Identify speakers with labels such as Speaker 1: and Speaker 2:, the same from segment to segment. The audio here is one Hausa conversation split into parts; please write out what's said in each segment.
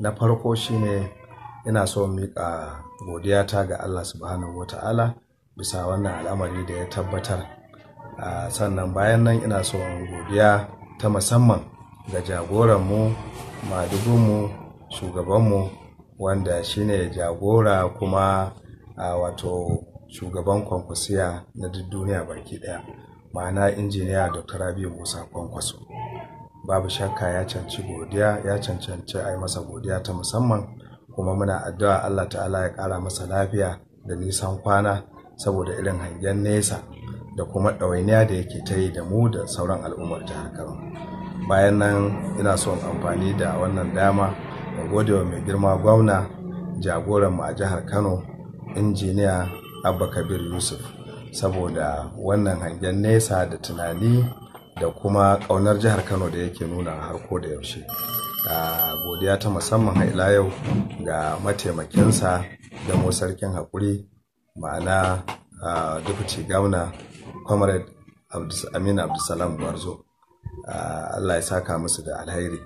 Speaker 1: na farko shine ina so miƙa godiyata ga allah subhanahu wata'ala bisa wannan al'amari da ya tabbatar sannan bayan nan ina so godiya ta musamman ga jagoranmu madubinmu shugabanmu wanda shine jagora kuma a wato shugaban kwankwasiya na duk duniya baki daya ma'ana injiniya dr rabiu musa kwankwaso babu shakka ya canci godiya ya cancanci a yi masa godiya ta musamman kuma muna addu'a Allah ta'ala ya ƙara masa lafiya da nisan kwana saboda irin hangen nesa da kuma ɗawainiya da yake ta yi da mu da sauran al'ummar jihar Kano. Bayan nan ina son amfani da wannan dama da gode wa mai girma gwamna jagoranmu a jihar Kano injiniya Abba Kabir Yusuf saboda wannan hangen nesa da tunani da kuma ƙaunar jihar kano da yake nuna a harko da yaushe a godiya ta musamman haila yau ga mataimakinsa da sarkin haƙuri ma'ana dufuci gauna comrade aminu abdulsalam gwarzo allah ya saka musu da alhairi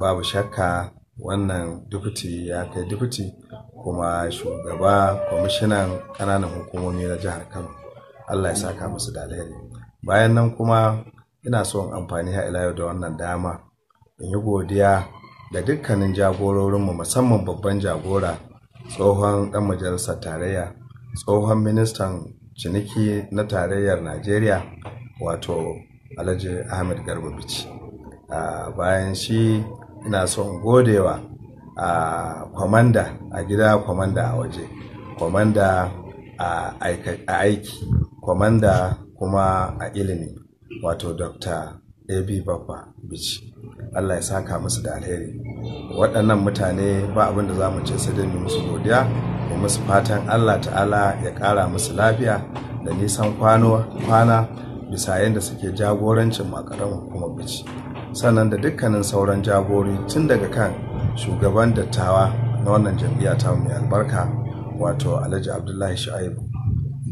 Speaker 1: babu shakka wannan dufuti ya kai dufuti kuma shugaba kwamishinan ƙananan hukumomi na jihar kano allah ya saka musu da alheri bayan nan kuma ina so in amfani ha ila da wannan dama in yi godiya da dukkanin jagororinmu musamman babban jagora tsohon dan majalisar tarayya tsohon ministan ciniki na tarayyar najeriya wato alhaji ahmed garba bici bayan shi ina so in godewa a kwamanda a gida kwamanda a waje kwamanda a aiki kwamanda kuma a ilimi wato dr ab babba bici allah ya saka musu da alheri waɗannan mutane ba abin da za mu ce su dai musu godiya da musu fatan allah ta'ala ya ƙara musu lafiya da nisan kwana bisa yadda suke jagorancin makarar hukumar bici sannan da dukkanin sauran jagori tun daga kan shugaban dattawa na wannan jam'iyya ta mai albarka wato alhaji abdullahi shu'aibu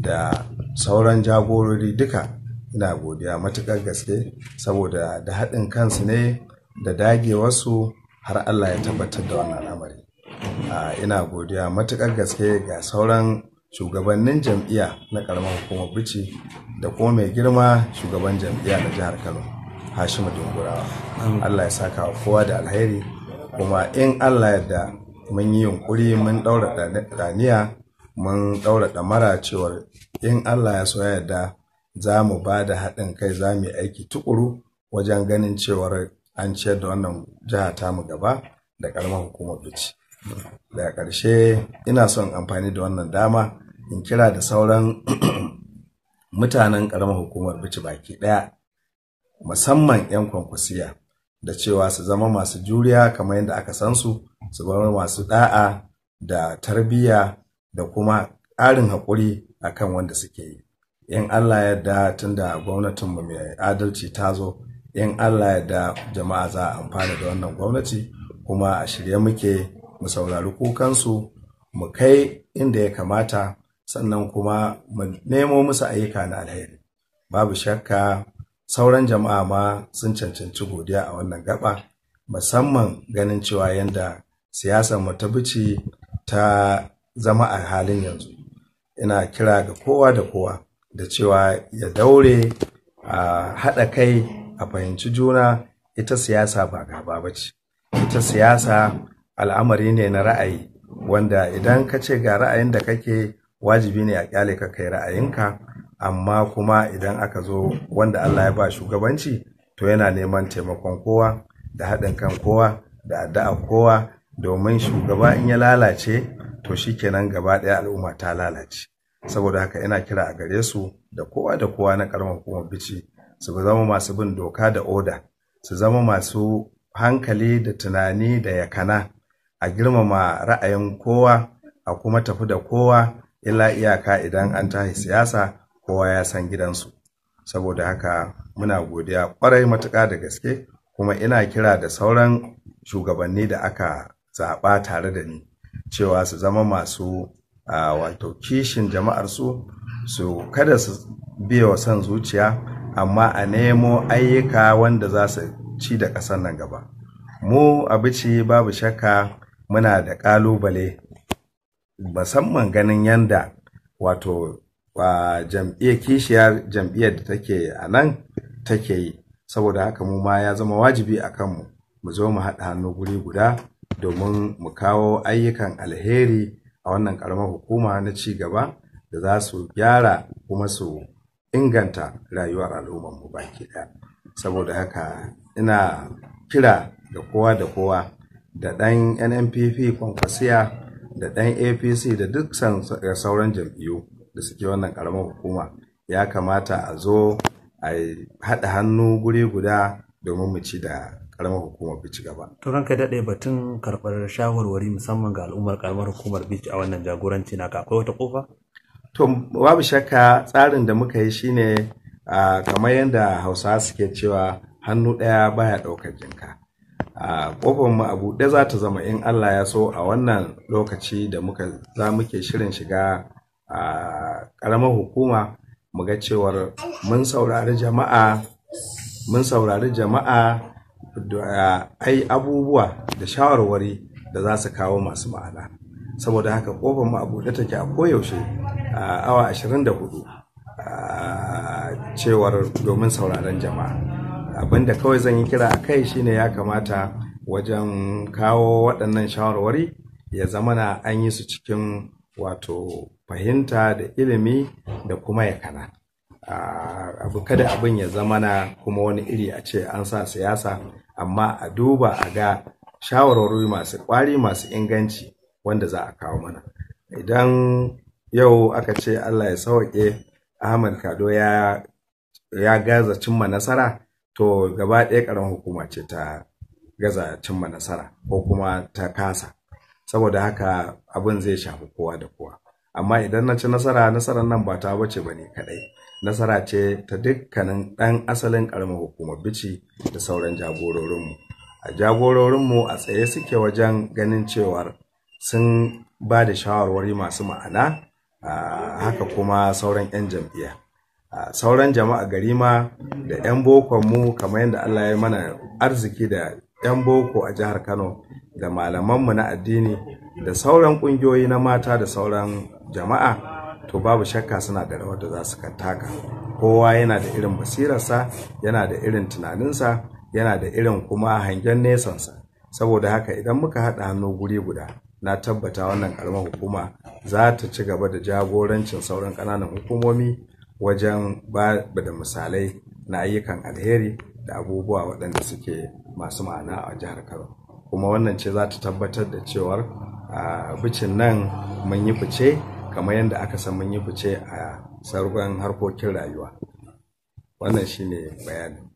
Speaker 1: da sauran jagorori duka ina godiya matuƙar gaske saboda da haɗin kansu ne da dagewarsu har Allah ya tabbatar da wannan al'amari ina godiya matukar gaske ga sauran shugabannin jam'iyya na ƙaramar hukumar bici da kuma mai girma shugaban jam'iyya na jihar kano hashimu dungurawa allah ya saka wa kowa da alheri kuma in allah yadda mun yi yunkuri mun ɗaura ɗaniya mun ɗaura ɗamara cewar in allah ya so yadda za mu ba da haɗin kai za mu yi aiki tuƙuru wajen ganin cewar an ciyar da wannan jiha tamu gaba da ƙaramar hukumar bici. daga ƙarshe ina son amfani da wannan dama in kira da sauran mutanen ƙaramar hukumar bici baki ɗaya musamman 'yan kwankwasiya da cewa su zama masu juriya kamar yadda aka san su su zama masu da'a da tarbiyya da kuma ƙarin haƙuri akan wanda suke yi in allah yadda tunda gwamnatinmu mai adalci ta zo in allah yadda jama'a za a amfana da wannan gwamnati kuma a shirye muke mu saurari kukansu mu kai inda ya kamata sannan kuma mu nemo musu ayyuka na alheri babu shakka sauran jama'a ma sun cancanci godiya a wannan gaba musamman ganin cewa yadda siyasar mu ta bici ta zama a halin yanzu ina kira ga kowa da kowa da cewa ya daure a haɗa kai a fahimci juna ita siyasa ba gaba ba ce ita siyasa al'amari ne na ra'ayi wanda idan ka ce ga ra'ayin da kake wajibi ne a kyale ka kai ra'ayinka amma kuma idan aka zo wanda Allah ya ba shugabanci to yana neman taimakon kowa da haɗin kan kowa da addu'a kowa domin shugaba in ya lalace to shi shikenan gaba ɗaya al'umma ta lalace saboda haka ina kira a gare su da kowa da kowa na karamar hukumar bici su zama masu bin doka da oda su zama masu hankali da tunani da yakana a girmama ra'ayin kowa a kuma tafi da kowa illa iyaka idan an tashi siyasa kowa ya san gidansu saboda haka muna godiya kwarai matuka da gaske kuma ina kira da sauran shugabanni da aka zaɓa tare da ni cewa su zama masu wato kishin jama'ar su su kada su biya wa son zuciya amma a nemo ayyuka wanda za su ci da ƙasar nan gaba mu abici babu shakka muna da ƙalubale musamman ganin yanda wato jam'iyyar kishiyar jam'iyyar da take a nan take yi saboda haka mu ma ya zama wajibi a kanmu mu zo mu haɗa hannu guri guda domin mu kawo ayyukan alheri a wannan karamar hukuma na ci gaba da za su gyara kuma su inganta rayuwar al'ummarmu baki ɗaya saboda haka ina kira da kowa da kowa da ɗan nnpp kwankwasiya da ɗan apc da duk sauran jam'iyyu da suke wannan karamar hukuma ya kamata a zo a haɗa hannu guri guda domin mu ci da karamar hukumar bici gaba. Turan kai daɗe batun karɓar shawarwari musamman ga al'ummar karamar hukumar bici a wannan jagoranci na akwai wata kofa? To babu shakka tsarin da muka yi shine kamar yadda Hausa suke cewa hannu ɗaya baya ɗaukar jinka. Kofar mu a buɗe za ta zama in Allah ya so a wannan lokaci da muka za muke shirin shiga karamar hukuma mu ga cewar mun saurari jama'a mun saurari jama'a ai abubuwa da shawarwari da za su kawo masu ma'ana saboda haka kofar mu a buɗe take a koyaushe a awa 24 cewar domin sauraron jama'a abinda kawai zan yi kira a kai shine ya kamata wajen kawo waɗannan shawarwari ya zama na an yi su cikin wato fahimta da ilimi da kuma yakana. Ah, abu kada abin ya zama na kuma wani iri a ce an sa siyasa amma a duba a ga shawarwari masu kwari masu inganci wanda za a kawo mana idan yau aka ce allah ya sauke ahmad kado ya ya gaza cimma nasara to gaba ɗaya ƙaran hukuma ce ta gaza cimma nasara ko kuma ta kasa saboda haka abin zai shafi kowa da kowa amma idan na ci nasara nasarar nan ba ta bace ba ne kaɗai nasara ce ta dukkanin ɗan asalin ƙaramar hukumar bici da sauran jagororinmu a jagororinmu a tsaye suke wajen ganin cewar sun ba da shawarwari masu ma'ana haka kuma sauran 'yan jam'iyya sauran jama'a gari ma da 'yan bokonmu kamar yadda allah ya mana arziki da 'yan boko a jihar kano da malamanmu na addini da sauran ƙungiyoyi na mata da sauran jama'a to babu shakka suna da rawar da za su taka kowa yana da irin basirarsa yana da irin tunaninsa yana da irin kuma hangen nesansa saboda haka idan muka haɗa hannu guri guda na tabbata wannan karamar hukuma za ta ci gaba da jagorancin sauran ƙananan hukumomi wajen ba da misalai na ayyukan alheri da abubuwa waɗanda suke masu ma'ana a jihar kano kuma wannan ce za ta tabbatar da cewar a ah, bicin nan mun yi fice kamar yadda aka san mun yi fice a sauran harkokin rayuwa wannan shine bayani